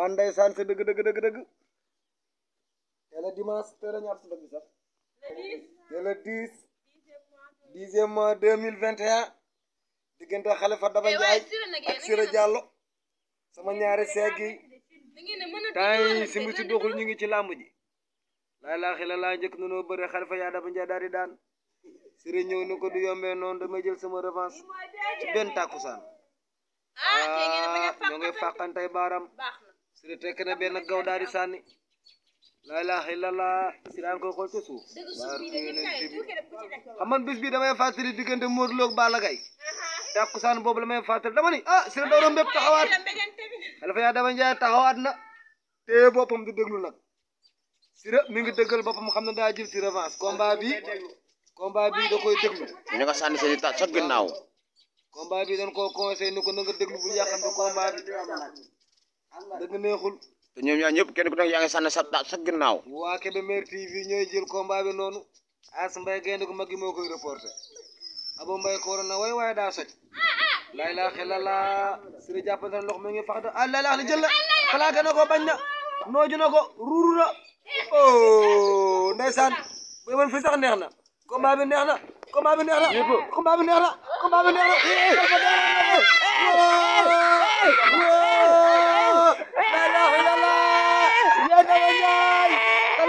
ah ndeysaan sa dëgg dëgg dëgg dëgg tey la dimanche tey la mille vingt et diggante Khalifa Daba Ndiaye ak Sira Diallo sama ñaari seeg yi temps si mbi ñu ngi ci làmb ji laay laa xila laa njëkk nanoo bëre Khalifa yaa Daba Ndiaye daal di daan Sira ñëw ni ko du yombee noonu damay jël sama revanche ci benn tàkkusaan ah ñoo ngay fàqantay baaram sëriñ tekk na benn gaw daal di la ilaha illallah siraan ko ko ci suuf bis bi damay fàttali kan digende Modou Lo ak Balla Gaye tàkkusaan uh-huh. boobu la dama ni ah sëriñ do rombe taxawat taxawaat dafa yaa dama ja taxawat na te bopam di deglu nak, sira mi ngi deggal bopam xamna da jil jël revanche combat bi combat bi da koy deglu ni nga sànni seen i taat sa combat bi dan ko conseil ni ko nga deglu bu yàqante combat bi dëgg neexul. te ñoom ñaar ñëpp kenn ku nekk yaa ngi sànni sa sa ginnaaw. waa Kébémer TV ñooy jël combat bi noonu. As Mbaye gaynde gu mag koy reporté. Abo Mbaye koor na way waaye daa soj. laay laa xelalaa. ndox mi ngi fax de ah laay laa xel jël la. plaqué ko bañ na. nooju na ko ruuru na. oh ndeysaan. bu yemoon fii sax neex na. combat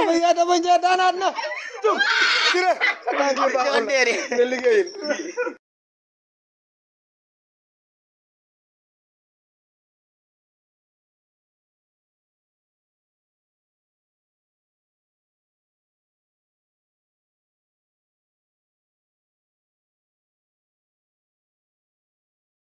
dafa yaa dafa njee daanaat na tum sire